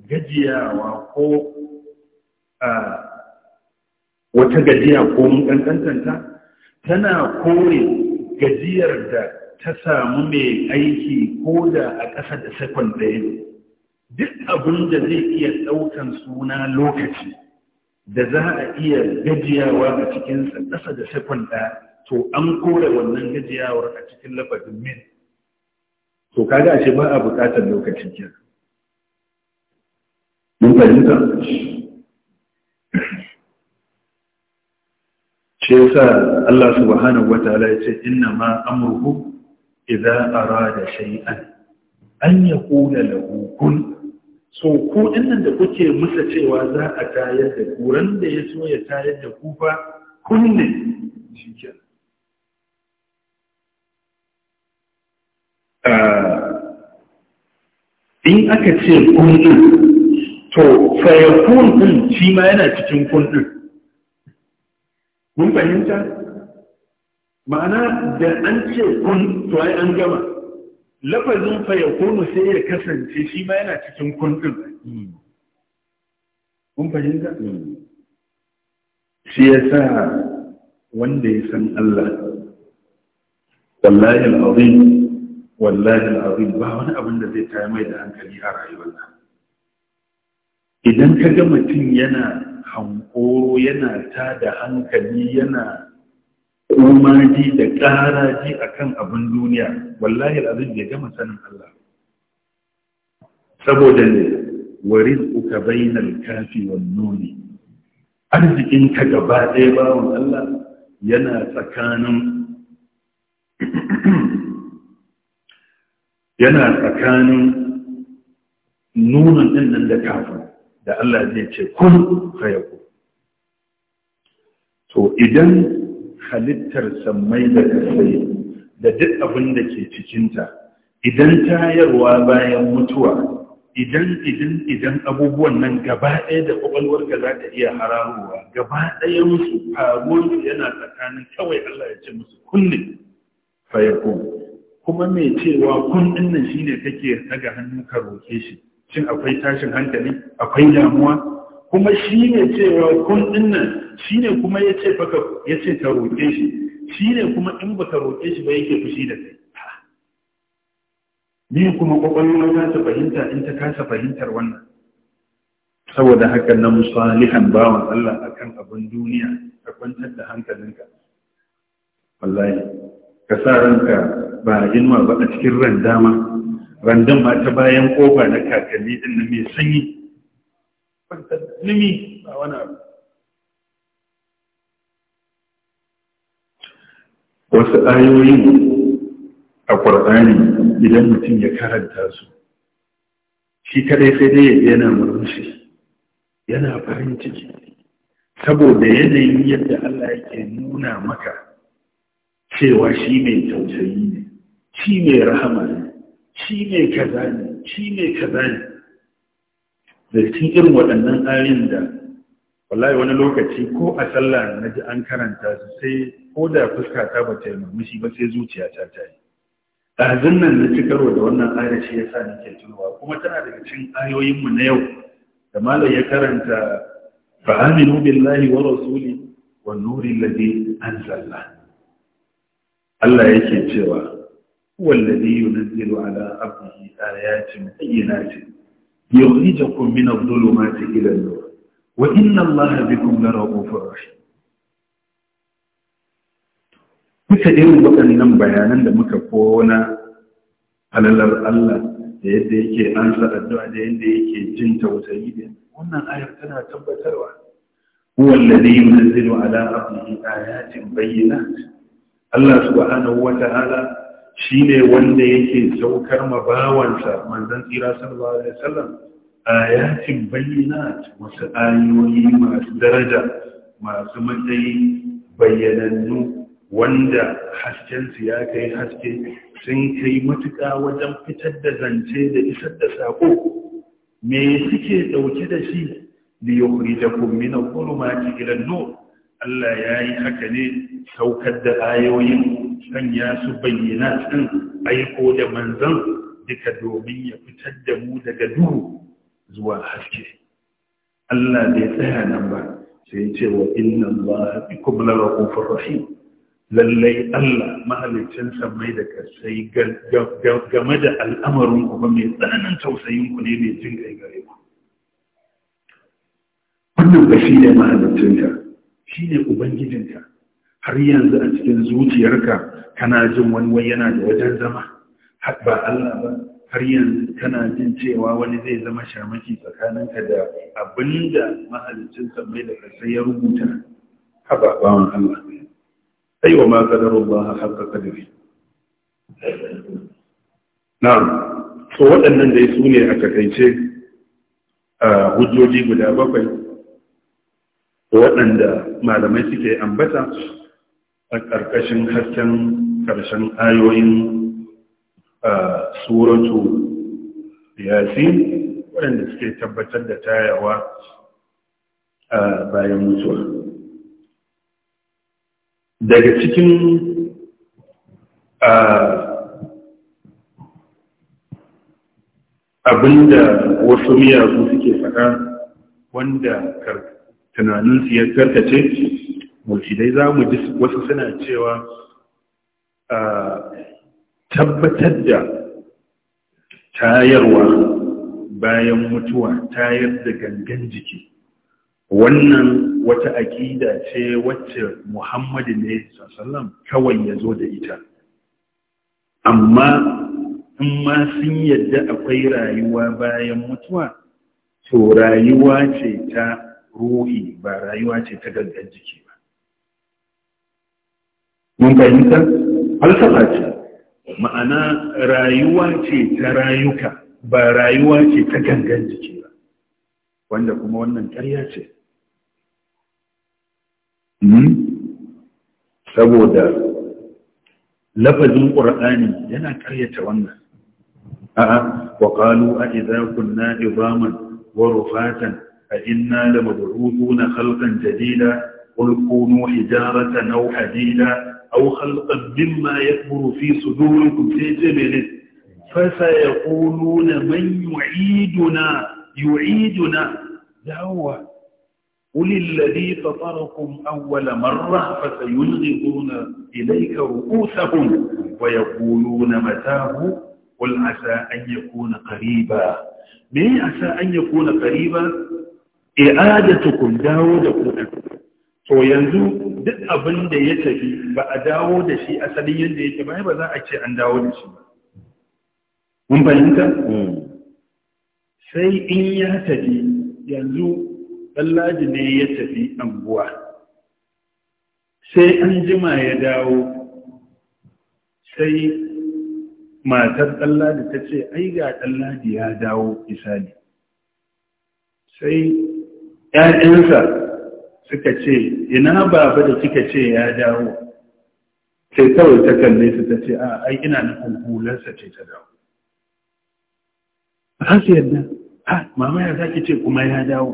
S1: gajiyawa ko wata gajiya ko mukankantanta tana kore gajiyar da ta samu mai aiki ko da a ƙasa da sakon ɗaya duk abin da zai iya ɗaukan suna lokaci da za a iya gajiyawa a cikinsa ƙasa da sakon ɗaya to an kore wannan gajiyawar a cikin lafazin min to ka ga ashe ba a buƙatar lokacin kira mun fahimta shi yasa Allah subhanahu wataala yace inna ma amruhu idza arada shay'an an yaqula lahu kun so ko dinnan da kuke musa cewa za a tayar da kuran da ya so ya tayar da kufa fa kun Eh, in aka ce kundin to fayakun din shi ma yana cikin kundin mun fahimta ma'ana da an ce kun to ai an gama lafazin fayakunu sai ya kasance shi ma yana cikin kundin mun fahimta shi ya sa wanda ya san Allah wallahi al'azim wallahi al'azim ba wani abin da zai ta mai da hankali a rayuwar nan idan ka ga mutum yana hankoro yana ta da hankali yana ƙumaji da ƙaraji akan abin duniya wallahi al'azim bai gama sanin Allah saboda ne warin uka bainal kafi wan arzikin ka gaba ɗaya bawon Allah yana tsakanin yana tsakanin nunan ɗin da kafin da Allah zai ce kun fayaku to idan halittar samai da kasai da duk abin da ke cikinta idan tayarwa bayan mutuwa idan idan idan abubuwan nan gaba ɗaya da kwakwalwarka za ta iya hararowa gaba ɗaya musu faruwarsu yana tsakanin kawai Allah ya ce musu kullum fayakun kuma mai cewa kun dinnan shine kake daga hannun ka roke shi shin akwai tashin hankali akwai damuwa kuma shine cewa kun dinnan shine kuma yace baka yace ka roke shi shine kuma in baka roke shi ba yake fushi da kai ni kuma kwakwalwa na ta fahimta in ta kasa fahimtar wannan saboda haka na musalihan bawan Allah akan abun duniya ka kwantar da hankalinka wallahi ka sa ranka ba inuwa ba a cikin randa ma randan ma ta bayan kofa na kakalli din na mai sanyi nimi ba wani abu wasu ayoyin a ƙwarɗani idan mutum ya karanta su shi kadai sai dai yana murmushi yana farin ciki saboda yanayin yadda Allah yake nuna maka cewa shi mai tausayi ne shi ne rahama ne shi ne kaza ne shi ne kaza ne da cikin irin waɗannan ayoyin da wallahi wani lokaci ko a sallah na ji an karanta su sai ko da fuska ta ba ta yi murmushi ba sai zuciya ta ta yi ɗazun nan na ci karo da wannan ayar shi ya sa ni ke tunawa kuma tana daga cikin ayoyinmu na yau da malam ya karanta Aminu billahi wa rasuli wa nuri ladhi anzalna Allah yake cewa هو الذي ينزل على عبده آيات بينات يخرجكم من الظلمات إلى النور وإن الله بكم لرؤوف رحيم duka irin waɗannan bayanan da muka kona halalar Allah da yadda yake ansa addu'a da yadda yake jin tausayi da wannan ayar tana tabbatarwa wallazi yunzilu ala abdihi ayatin bayyinat Allah su subhanahu wata ala? shine wanda yake saukar ma bawansa manzon tsira sallallahu alaihi wasallam yakin bayyana wasu ayoyi masu daraja masu matsayi bayyanannu wanda haskensu ya kai haske sun kai matuƙa wajen fitar da zance da isar da saƙo me suke ɗauke da shi da ya kuri da kummina kuluma cikin nur Allah ya yi haka ne saukar da ayoyin sanya su bayyana ɗin aiko da manzan duka domin ya fitar da mu daga duhu zuwa haske Allah bai tsaya nan ba sai ya ce wa inna Allah bikum la rahufur rahim lallai Allah mahalicin mai da kasai game da al'amarin ku ba mai tsananin tausayin ku ne mai jin kai gare ku wannan ba shi ne mahalicin shi ne ubangijinka har yanzu a cikin zuciyarka kana jin wani wai yana da wajen zama ba Allah ba har yanzu kana jin cewa wani zai zama shamaki tsakaninka da abinda mahalicin mai da kasai ya rubuta ba bawan Allah aiwa ma ba qadarullah haka kadari Na. to waɗannan da su ne a takaice a hujjoji guda bakwai waɗanda malamai suke ambata a ƙarƙashin hasken ƙarshen ayoyin a tsoratu yasi waɗanda suke tabbatar da tayawa a bayan mutuwa daga cikin abinda wasu miyagu suke faɗa wanda tunaninsu ya karkace idan za mu ji wasu suna cewa tabbatar da tayarwa bayan mutuwa tayar da gangan jiki wannan wata aƙida ce wacce muhammadu ne sallam kawai ya zo da ita amma in ma sun yadda akwai rayuwa bayan mutuwa to rayuwa ce ta ruhi ba rayuwa ce ta gangan jiki mun fahimta falsafa ce ma'ana rayuwa ce ta rayuka ba rayuwa ce ta gangan jiki ba wanda kuma wannan karya ce hmm? saboda lafazin ƙur'ani yana karyata wannan a'a wa qalu a idza kunna idaman wa rufatan a inna la mab'uthuna khalqan jadida qul kunu hijaratan hadida أو خلقا مما يكبر في صدوركم جبل فسيقولون من يعيدنا يعيدنا دعوة قل الذي فطركم أول مرة فسينغضون إليك رؤوسهم ويقولون متاه قل عسى أن يكون قريبا ما عسى أن يكون قريبا إعادتكم داودكم to yanzu duk abin da ya tafi ba a dawo da shi asalin yadda yake ba ba za a ce an dawo da shi mun fahimta hmm. sai in ya tafi yanzu ɗallaji ne ya tafi anguwa sai an jima ya dawo sai matar ɗallaji ta ce ai ga ɗallaji ya dawo isali sai ‘ya'yansa suka ce ina baba da kika ce ya dawo sai kawai ta kalle su ta ce a ai ina nufin hularsa ce ta dawo ba su yadda ha mama ya zaki ce kuma ya dawo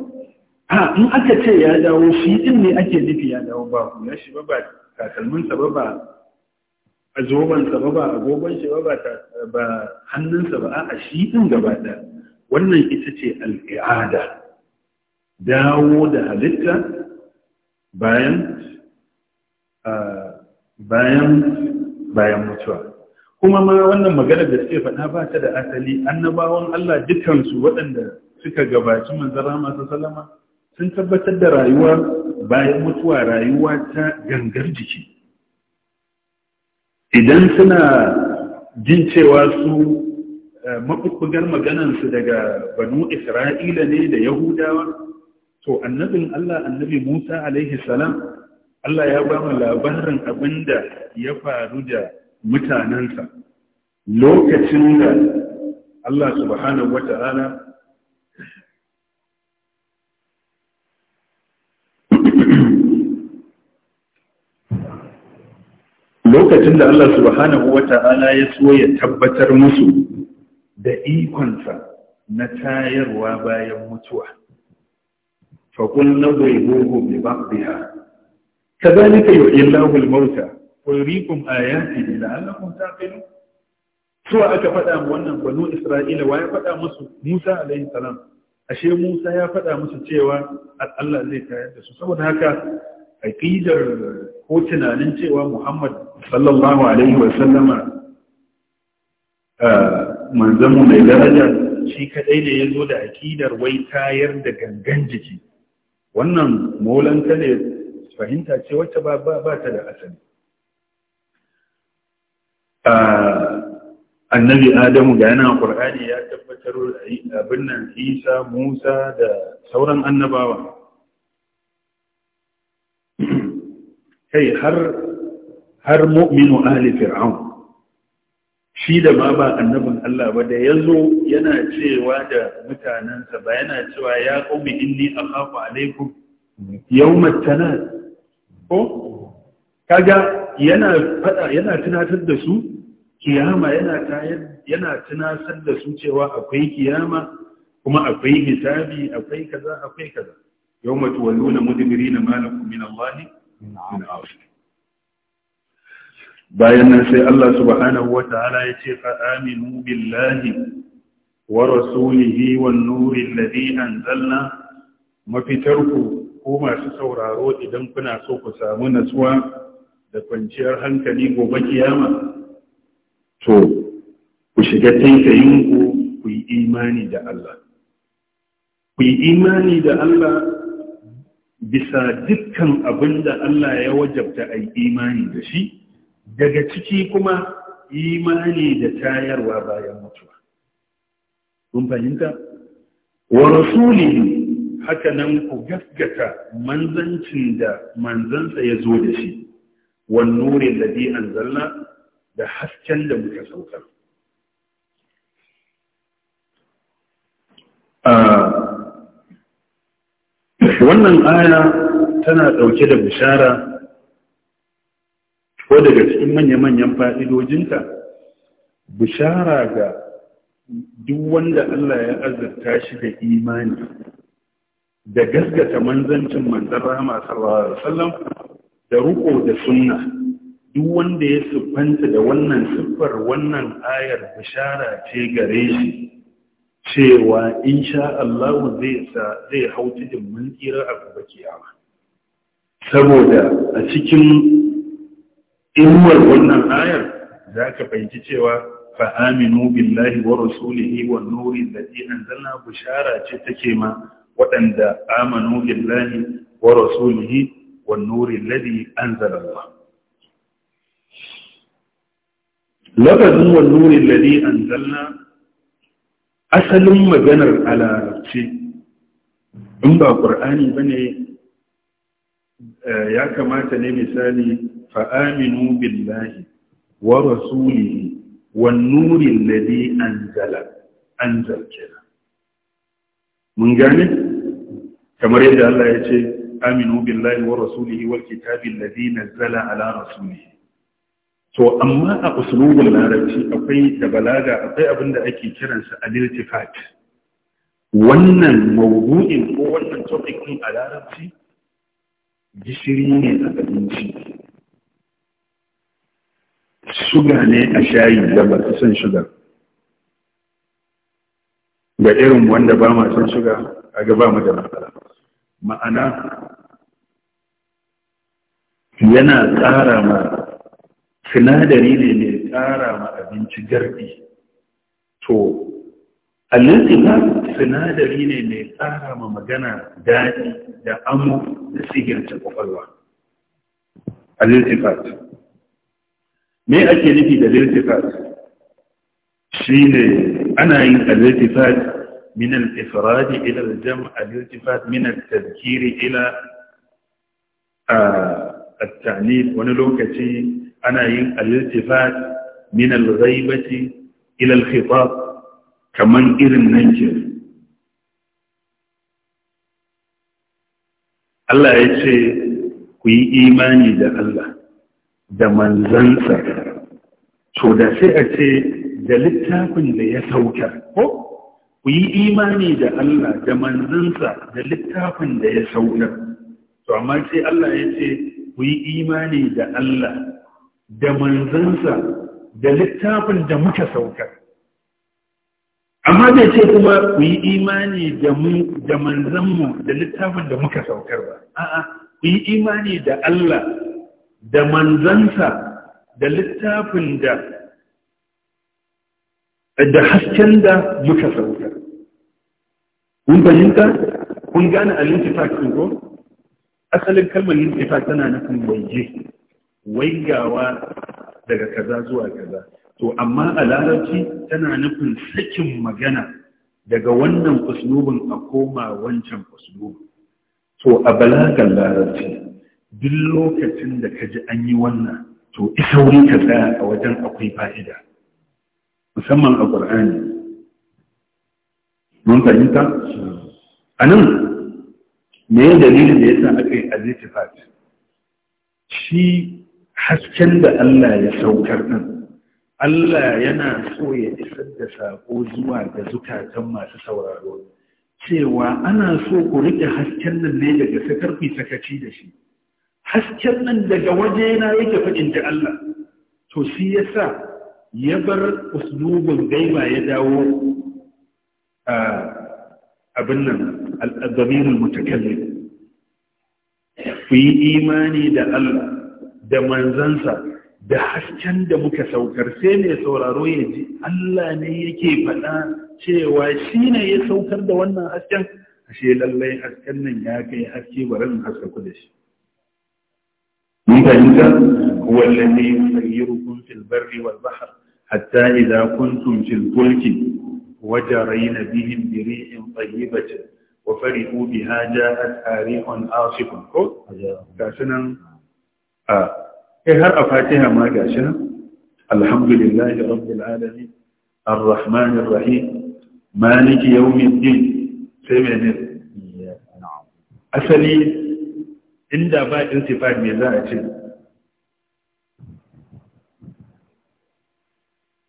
S1: ha in aka ce ya dawo shi din ne ake nufi ya dawo ba ya shi ba ba takalminsa ba ba a zobansa ba ba agogon shi ba ba hannunsa ba a shi din gaba wannan ita ce al'ada dawo da halitta bayan bayan bayan mutuwa kuma ma wannan maganar da suke faɗa ba ta da asali annabawan Allah dukansu waɗanda suka gabaci manzara masu salama sun tabbatar da rayuwa bayan mutuwa rayuwa ta gangar jiki idan suna jin cewa su eh, maɓuɓɓugar maganansu daga banu isra'ila ne da yahudawa to annabin Allah annabi Musa alaihi salam Allah ya ba mu labarin abinda ya faru da mutanensa lokacin da Allah subhanahu ta'ala lokacin da Allah subhanahu ya so ya tabbatar musu da ikonsa na tayarwa bayan mutuwa فقلنا ضربوه ببعضها كذلك يحيي الله الموتى ويريكم آياته لعلكم تعقلون سواء كفدا wannan banu Isra'ila wa ya faɗa musu Musa alaihi salam ashe Musa ya faɗa musu cewa Allah zai tayar da su saboda haka aqidar ko tunanin cewa Muhammad sallallahu alaihi wa sallama manzon mai daraja shi kadai ne ya zo da aqidar wai tayar da gangan jiki wannan maulanta ne fahimta ce wacce ba ta da asali annabi adamu da yana ƙur'ani ya tabbatar abin nan isa musa da sauran annabawa kai har har mu'minu ahli fir'aun shi da ma ba annabin Allah ba da ya zo yana cewa da mutanensa ba yana cewa ya ƙaumi inni a kafa alaikum yau matana ko kaga yana fada yana tunatar da su kiyama yana tayar yana tunatar da su cewa akwai kiyama kuma akwai hisabi akwai kaza akwai kaza yau matuwalluna mudibirina malakum min Allah min
S2: bayan nan sai Allah subhanahu wa
S1: ta'ala ya ce Aminu, billahi wa rasulihi wan nuri alladhi anzalna mafitarku ko masu sauraro idan kuna so ku samu natsuwa da kwanciyar hankali gobe kiyama to ku shiga taitayinku ku yi imani da Allah ku yi imani da Allah bisa dukkan abin da Allah ya wajabta a imani da shi daga ciki kuma imani da tayarwa bayan mutuwa kun fahimta wa rasuli haka nan ku gaskata manzancin da manzansa ya zo da shi wan nuri ladhi anzalna da hasken da muka sauka? Ah, wannan aya tana ɗauke da bishara ko daga cikin manya-manyan fa'idojinta bishara ga duk wanda Allah ya azurta shi da imani da gaskata manzancin manzan rahama sallallahu alaihi wasallam da riko da sunna duk wanda ya siffanta da wannan siffar wannan ayar bishara ce gare shi cewa insha Allah zai sa zai hauti din mulkira a gaba kiyama saboda a cikin inuwar wannan ayar za ka fahimci cewa fa'aminu billahi wa rasulihi wa nuri zaɗi an zana bishara ce take ma waɗanda amanu billahi wa rasulihi wa nuri ladi an zana lafazin wa nuri ladi an zana asalin maganar ce. in ba ƙur'ani ba ne eh, ya kamata ne misali fa'aminu Aminu, wa rasulihi wan nurin ladhi anzala mun gane kamar yadda Allah ya ce aminu billahi wa rasulihi wal kitabi alladhi nazzala to amma a usulubul larabci akwai da balaga akwai abin da ake kiransa al-iltifat wannan mawdu'in ko wannan topic din a larabci gishiri ne a abinci Suga ne a shayi da ba su son shuga ga irin wanda ba ma son shuga a gaba mu da matsala ma'ana yana tsara ma sinadari ne mai tsara ma abinci garbi to allintika sinadari ne mai tsara ma magana daɗi da amu da sigirta kwakwalwa allintika me ake nufi da liltifat? shi ne ana yin liltifat min al-ifrad ila al-jam' liltifat min al-tadhkir ila at wani lokaci ana yin liltifat min al-ghaibati ila al-khitab kaman irin nan ke Allah ya ce ku yi imani da Allah da manzansa to da sai a ce da littafin da ya sauka, ko ku yi imani da Allah da manzansa da littafin da ya sauka? to amma sai Allah ya ce ku yi imani da Allah da manzansa da littafin da muka sauka? amma bai ce kuma ku yi imani da mu da manzanmu da littafin da muka saukar ba a'a ku yi imani da Allah da manzansa da littafin da da hasken da muka sauka kun fahimta kun gane al-intifaq ko asalin kalmar lintifa tana nufin waje waigawa daga kaza zuwa kaza to amma a larabci tana nufin sakin magana daga wannan uslubin a koma wancan uslubin to a balagan larabci duk lokacin da ka ji an yi wannan to wuri ka tsaya a wajen akwai fa'ida musamman a ƙwar'ani mun fahimta? a nan me yin dalilin da ya sa aka yi azitifat shi hasken da Allah ya saukar nan Allah yana so ya isar da saƙo zuwa ga zukatan masu sauraro cewa ana so ku riƙe hasken nan ne daga sakarfi sakaci da shi hasken nan daga waje na yake faɗin ta Allah to shi yasa ya bar uslubin gaiba ya dawo a abin nan al-dhamirul mutakallim ku yi imani da Allah da manzansa da hasken da muka saukar sai mai sauraro ya ji Allah ne yake faɗa cewa shi ne ya saukar da wannan hasken ashe lallai hasken nan ya kai haske barin haska ku da shi من هو الذي يسيركم في البر والبحر حتى إذا كنتم في الفلك وجرين بهم بريح طيبة وفرحوا بها جاءت ريح آصف كاشنا آه إيه أفاتها ما كاشنا الحمد لله رب العالمين الرحمن الرحيم مالك يوم الدين نعم أسلي inda ba intifar me za a ce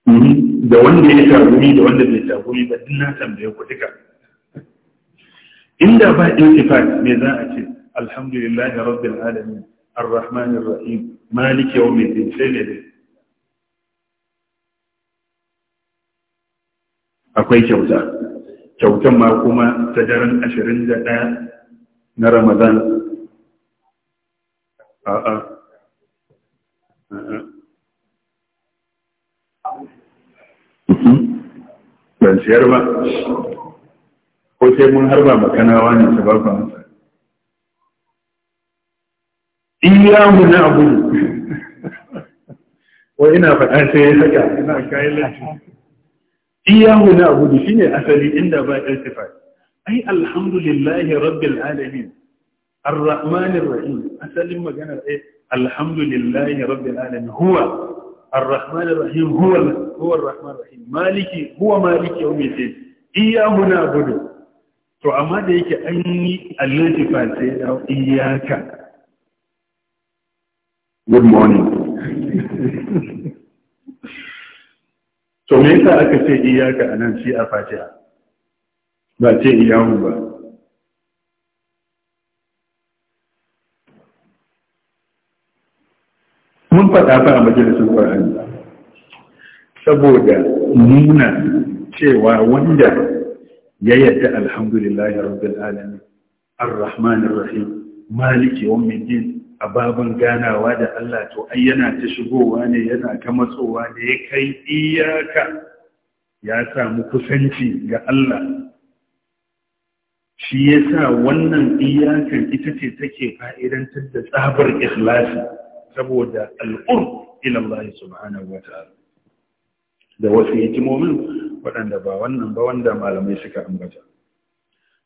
S1: mhm. da wanda ya tagumi da wanda bai tagumi ba din na tambaye ku duka inda ba intifar me za a ce alhamdulillahi rabbil alamin arrahmanir rahim maliki yawmiddin sai ne akwai kyauta kyautan ma kuma ta daren ashirin da ɗaya na ramadan a'a ban siyar ba ko sai mun harba makanawa ne su ba ku masa iyamu na abu wa ina faɗa sai ya saka ina kayan lantarki iyamu na abu shi ne asali inda ba iltifat ai alhamdulillahi rabbil alamin ar-rahmanir rahim asalin maganar ai alhamdulillahi rabbil alamin huwa ar-rahmanir rahim huwa huwa ar-rahmanir rahim maliki huwa maliki yawmiddin iyyahu na'budu to amma da yake an yi allatifa sai da iyyaka good morning to me yasa aka ce iyaka anan shi a fatiha ba ce iyahu ba mun faɗa fa a majalisar ƙwararri saboda nuna cewa wanda ya yadda alhamdulillahi rabbil alamin rahim maliki yawmid din ababan ganawa da Allah to ai yana ta shigowa ne yana ta matsowa da ya kai iyaka ya samu kusanci ga Allah shi yasa wannan iyakan ita ce take fa'idantar da tsabar ikhlasi saboda al'ur ila Allah subhanahu wa ta'ala da wasu hikimomin waɗanda ba wannan ba wanda malamai suka ambata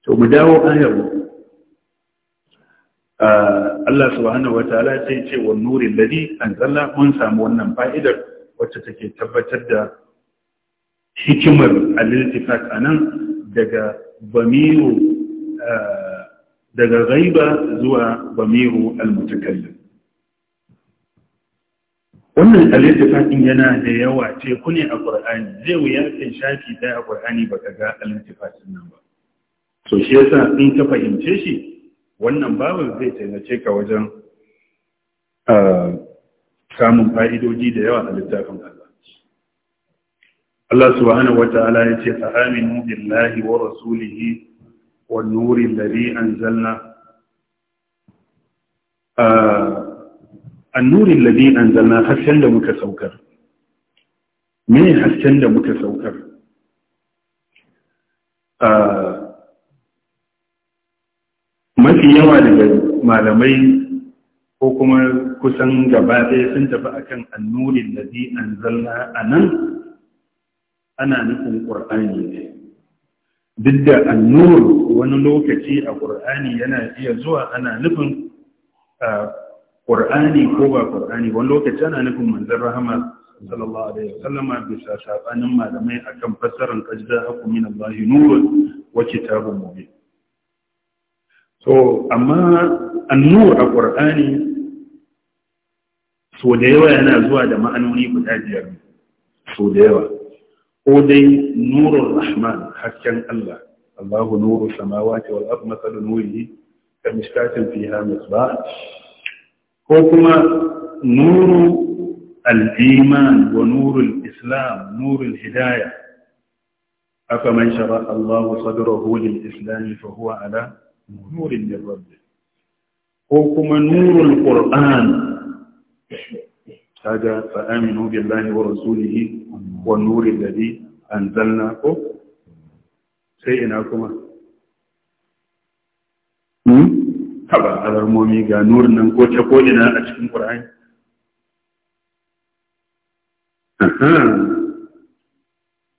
S1: to mu dawo ayar ah, Allah subhanahu wa ta'ala sai ce wa nurin ladi anzalna mun samu wannan fa'idar wacce take tabbatar da hikimar al-iltifat anan daga bamiru ah, daga gaiba zuwa bamiru al-mutakallim wannan al yana da yawa ce kune a Qur'ani zai wuya kai shafi ɗaya a Qur'ani baka ga al nan ba so shi yasa in ka fahimce shi wannan babu zai taimace ka wajen samun fa'idoji da yawa a littafin Allah Allah subhanahu ala ya ce fa'aminu billahi wa rasulihi wa nuri lari an zalla annurin ladhi anzalna hasken da muka saukar mene hasken da muka saukar ah, mafi yawa daga malamai ko kuma kusan gaba ɗaya sun tafi akan annurin ladhi anzalna anan ana nufin qur'ani ne duk da annur wani lokaci a qur'ani yana iya zuwa ana nufin ah, ƙur'ani ko ba ƙur'ani wani lokaci tana nufin manzan rahama sallallahu alaihi wasallama bisa sabanin malamai akan fassarar qajda hakum min Allah nurun wa kitabun mubin so amma an-nur a ƙur'ani, so da yawa yana zuwa da ma'anoni guda biyar so da yawa ko dai nurur rahman hasken Allah Allahu nuru samawati wal ardi mathalu nurihi kamishkatin fiha misbah ko kuma nuru al-iman wa nurul islam nurul aka afaman shara Allahu sadrahu lil islam fa huwa ala nurin min rabbih ko kuma nurul qur'an kaga fa aminu billahi wa rasulihi wa nuril ladhi anzalna ko sai ina kuma Kaɓa ƙasarmu mi ga nur nan ko ta ko ina a cikin Kur'ani.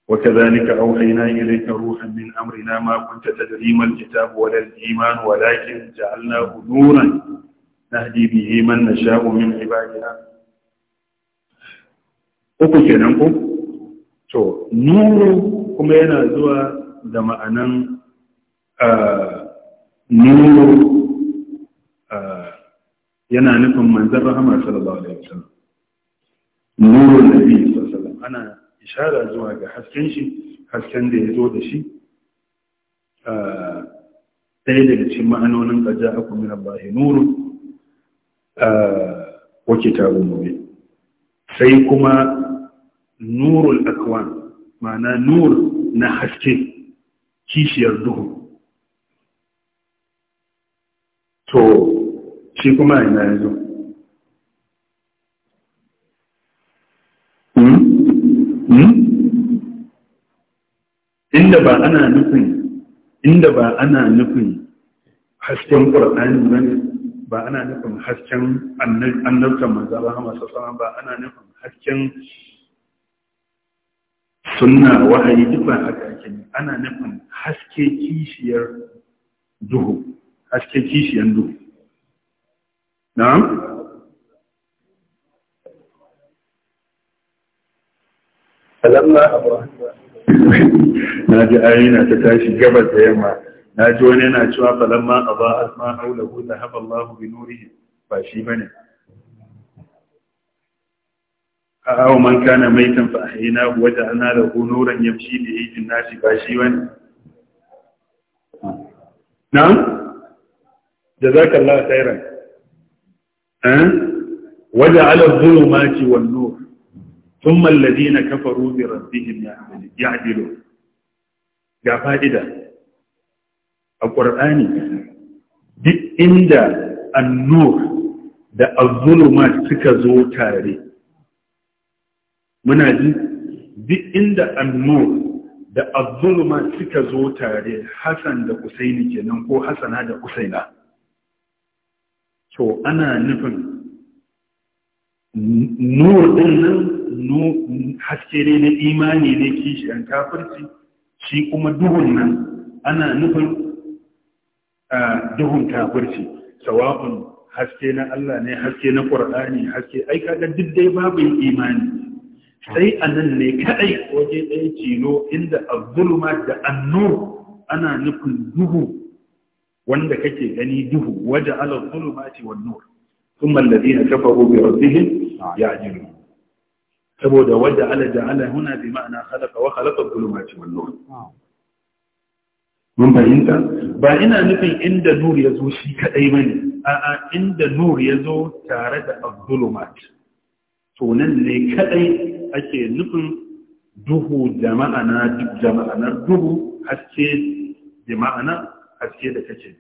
S1: Wata za ni ka hau a ina ki zai taro hannun amri na makon tattalinar lakin, da Allah ku nura man na min kiba gida. kenan ku? To, nuru kuma yana zuwa da jama'anar ah, nuru. yana nufin manzan rahama sallallahu alaihi wasallam nurul nabi sallallahu alaihi wasallam ana ishara zuwa ga hasken shi hasken da ya zo da shi ɗaya daga cikin ma'anonin ƙaja aku min Allah nuru wa kitabun mubin sai kuma nurul akwan ma'ana nur na haske kishiyar duhu to shi kuma ina ya zo hmm? Hmm? inda ba ana nufin inda ba ana nufin hasken ƙwarɗani ba ba ana nufin hasken annabtan manzaba masu sama ba ana nufin hasken
S2: sunna wahayi
S1: duk ba a ake ana nufin haske kishiyar duhu haske kishiyar duhu نعم فلما ناجي أين تتاشي قبل تيما ناجي وينينا شوى فلما أضاءت ما حوله ذهب الله بنوره فاشي بني أو من كان ميتا فأحيناه وجعلنا له نورا يمشي به في الناس فاشي بني نعم جزاك الله خيرا Eh? وجعل الظلمات والنور ثم الذين sun بربهم na kafa فائدة القرآن ya adilo a inda annur da azuluma suka zo tare muna ji duk inda annur da azuluma suka zo tare hasan da usaini kenan ko Hassana da usaina to ana nufin nur din nan haske ne na imani ne kishiyan kafirci shi kuma duhun nan ana nufin duhun kafirci sawa'un haske na Allah ne haske na ƙwarɗani haske ai kaga duk dai babu imani sai anan ne kaɗai waje ɗaya cilo inda azulma da annu ana nufin duhu wanda kake gani duhu waje alal zulumati wan nur thumma alladhina kafaru bi rabbihim ya'dilun saboda waje ala ja'ala huna bi ma'ana khalaqa wa khalaqa zulumati wan nur mun fahimta ba ina nufin inda nur ya zo shi kadai bane a'a inda nur ya zo tare da abdulumat to nan ne kadai ake nufin duhu da ma'ana duk duhu haske da ma'ana haske da kake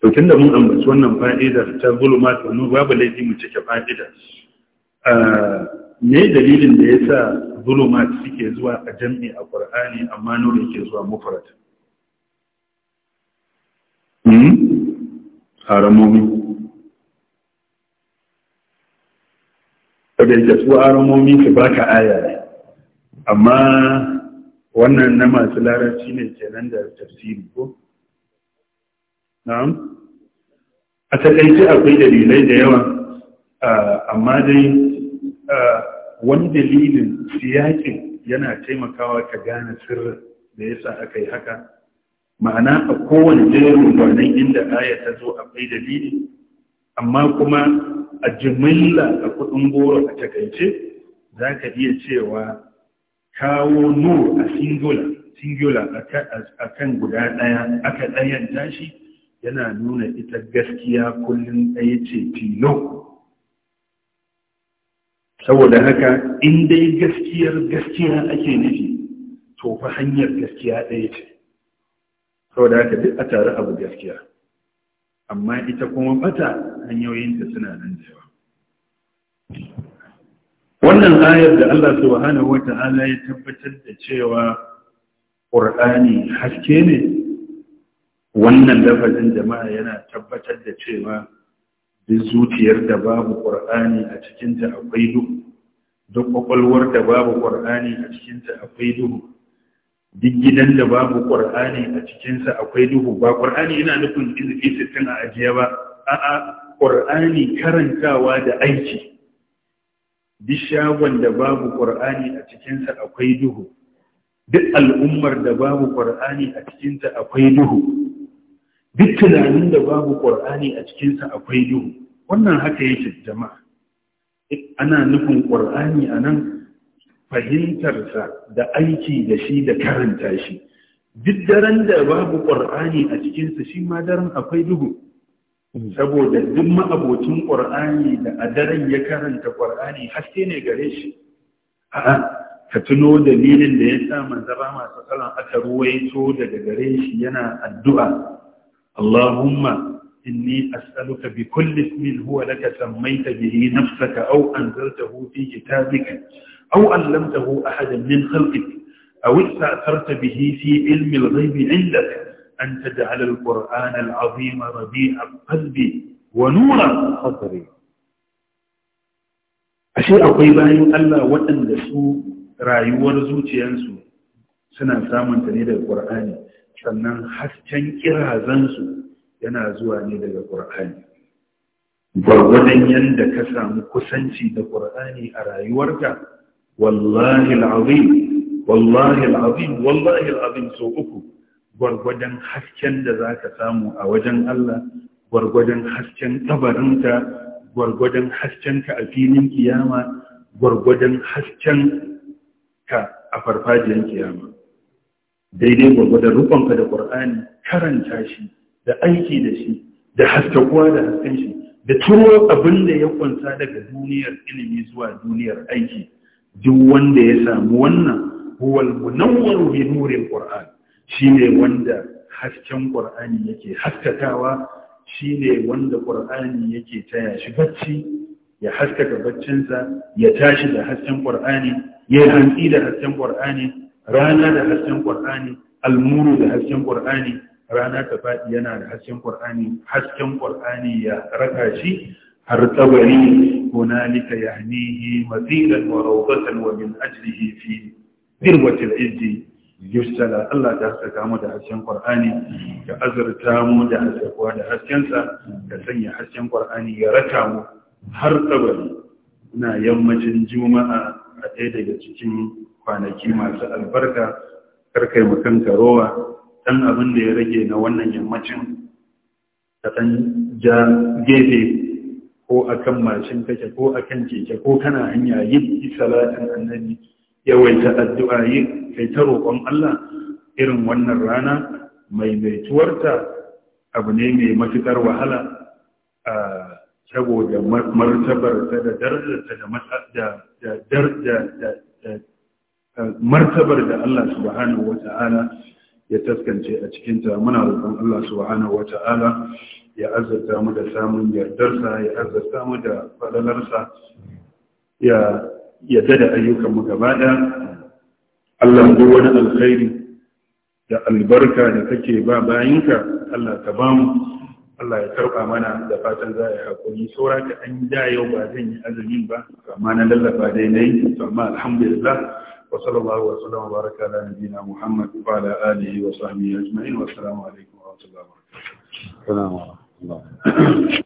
S1: to tunda mun ambaci wannan fa'idar ta ta, wa babu laifi mu cike fa'idar ne dalilin da ya sa zuluma suke zuwa a jam'i a ƙwar'ani amma nuna ke zuwa mufrad hmm haramomi da su haramomi su baka ayaye, amma wannan na masu larabci ne kenan da tafsiri ko na'am
S2: a takaice akwai dalilai da yawa
S1: amma dai wani dalilin siyakin yana taimakawa ka gane sirrin da yasa aka yi haka ma'ana a kowane jerin gwanin inda aya ta zo akwai dalili amma kuma a jimilla a kuɗin goro a takaice za ka iya cewa kawo nur a singular singular a kan guda ɗaya aka ɗayan tashi yana nuna ita gaskiya kullum ɗaya ce tilo saboda haka in dai gaskiyar gaskiya ake nufi to fa hanyar gaskiya ɗaya ce saboda haka duk a tare abu gaskiya amma ita kuma bata hanyoyinta suna nan da yawa wannan ayar da Allah subhanahu wata'ala ya tabbatar da cewa ƙur'ani haske ne wannan lafazin jama'a yana tabbatar da cewa duk zuciyar da babu ƙur'ani a cikinta akwai duhu duk ƙwaƙwalwar da babu ƙur'ani a cikinta akwai duhu duk gidan da babu ƙur'ani a cikinsa akwai duhu ba ƙur'ani yana nufin izifi sittin a ajiye ba a'a ƙur'ani karantawa da aiki duk shagon da babu ƙur'ani a cikinsa akwai duhu duk al'ummar da babu ƙur'ani a cikinsa akwai duhu duk tunanin da babu ƙur'ani a cikinsa akwai duhu wannan haka yake jama'a ana nufin ƙur'ani a nan fahimtarsa da aiki da shi da karanta shi duk daren da babu ƙur'ani a cikinsa shi ma daren akwai duhu saboda duk ma'abocin ƙwar'ani da a daren ya karanta ƙwar'ani haske ne gare shi a'a ka tuno dalilin da ya sa mazara masu tsaron aka ruwaito daga gare shi yana addu'a
S2: Allahumma
S1: inni as'aluka bi kulli ismin huwa laka sammaita bihi nafsaka aw anzaltahu fi kitabika aw allamtahu ahadan min khalqik aw ista'tharta bihi fi ilmi al-ghaibi 'indaka أن تجعل القرآن العظيم ربيع قلبي ونور خطري ashe akwai bayan Allah waɗanda su rayuwar zuciyarsu suna samun ta ne daga Qur'ani sannan hasken kirazansu yana zuwa ne daga Qur'ani gwargwadon yadda ka samu kusanci da Qur'ani a rayuwarka wallahi al'azim wallahi al'azim wallahi al'azim so uku gwargwadon hasken da za ka samu a wajen Allah gwargwadon hasken tabarinka gwargwadon haskenka a filin kiyama gwargwadon haskenka a farfajiyar kiyama daidai gwargwadon rukunka da ƙwar'ani karanta shi da aiki da shi da haskakuwa da hasken shi da turo abin da ya kunsa daga duniyar ilimi zuwa duniyar aiki duk wanda ya samu wannan huwal munawwaru bi nurin qur'an shine wanda hasken ƙur'ani yake haskakawa ne wanda ƙur'ani yake taya shi bacci ya haskaka baccinsa ya tashi da hasken ƙur'ani ya yi hantsi da hasken ƙur'ani rana da hasken ƙur'ani almuru da hasken ƙur'ani rana ta faɗi yana da hasken ƙur'ani hasken ƙur'ani ya raka shi har tsabari hunalika yahnihi mazilan wa rawdatan wa min ajlihi fi dirwatil izzi yusala Allah ta saka mu da hasken Qur'ani ya azurta mu da kuwa da haskensa da sanya hasken Qur'ani ya raka mu har tsabari na yammacin juma'a a ɗaya daga cikin kwanaki masu albarka karkai mutum rowa ɗan abin da ya rage na wannan yammacin ka ɗan ja gefe ko akan mashin kake ko akan keke ko kana hanya yin salatin annabi yawaita addu'a yi kai ta roƙon Allah irin wannan rana mai maituwarta abu ne mai matuƙar wahala a saboda martabar ta da darajarta da martabar da Allah subhanahu wa ta'ala ya taskance a cikinta muna roƙon Allah subhanahu wa ta'ala ya azurta mu da samun yardarsa ya azurta mu da faɗalarsa ya tada da ayyukanmu gaba ɗaya Allah duk wani alkhairi da albarka da kake ba bayinka Allah ka ba mu Allah ya karɓa mana da fatan za a hakuri saura ka an da yau ba zan yi azumin ba amma na dai nayi to amma alhamdulillah wa sallallahu wa sallam wa baraka ala nabiyyina Muhammad wa ala alihi wa sahbihi ajma'in wa assalamu alaikum wa rahmatullahi wa barakatuh